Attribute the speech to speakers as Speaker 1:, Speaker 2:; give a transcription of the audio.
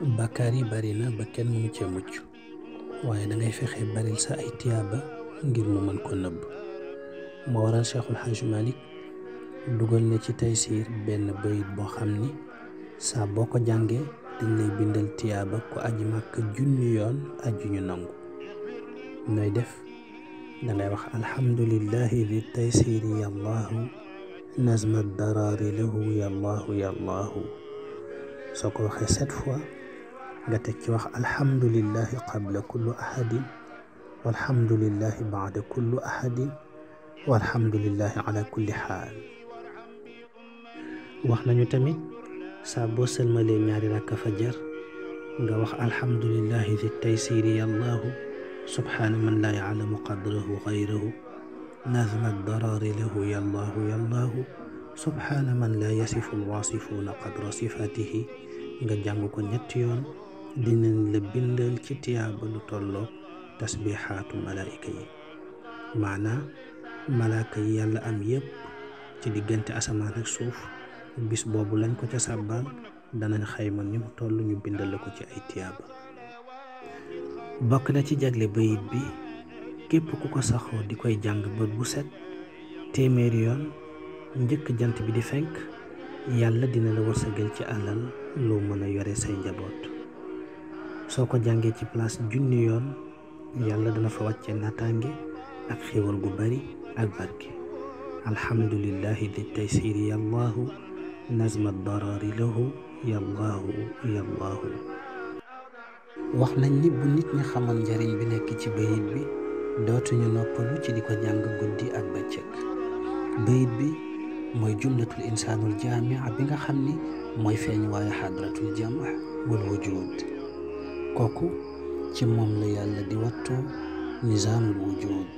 Speaker 1: bàkkaar yi bari na ba kenn mënu cee mucc waaye dangay fexe baril sa ay tiyaaba ngir mu mën ko nëbb moo waral Cheikhul Hajj Malik dugal na ci taysiir benn bayit boo xam ni saa boo ko jàngee dañ lay bindal tiyaaba ku aji màkk junni yoon aju nangu nooy def dangay wax alhamdulillahi di taysiiri yallaahu nazma daraari lahu yallaahu yallaahu soo ko waxee sept fois nga teg ci wax alhamdulillahi qabla kullu ahadin walhamdulillahi baada kullu ahadin walhamdulillahi ala kulli xaal wax nañu tamit saa boo sëlmalee ñaari rakka fajar nga wax alhamdulillahi di taysiri yallaahu subhaana man laa yaalamu qadrahu gayrahu nazma darari lahu yallaahu yallaahu subhaana man laa yasifu alwaasifuuna qadra sifaatihi nga jàng ko ñetti yoon dinañ la ya bindal ci tiyaaba lu tolloo tasbihatu malaika yi Mana malaaka yi yalla am yépp ci digënté asaman ak suuf bis bobu lañ ko ca sàbbaal danañ xayma ni mu tollu ñu bindal lako ko ci ay tiyaaba bokk na ci jagle bayit bi képp ku ko saxo di koy jàng bët bu set téeméeri yoon njëkk jant bi di fenk yàlla dina la wërsëgal ci alal loo mën a yore say njaboot soo ko jàngee ci place junni yoon yàlla dana fa wàcce naataange ak xéwal gu bari ak barke alhamdulillahi di taysiri yallaahu nazma darari lahu yallaahu wax nañ ni nit ñi xamoon njariñ bi nekk ci bayit bi dootuñu noppalu ci di ko jàng guddi ak bëccëg bayit bi mooy jumlatul insaanul jaamia bi nga xam ni mooy feeñ waaye xadratul jamaa wal wujud koku ci moom la yàlla di wattu nizaamul wujud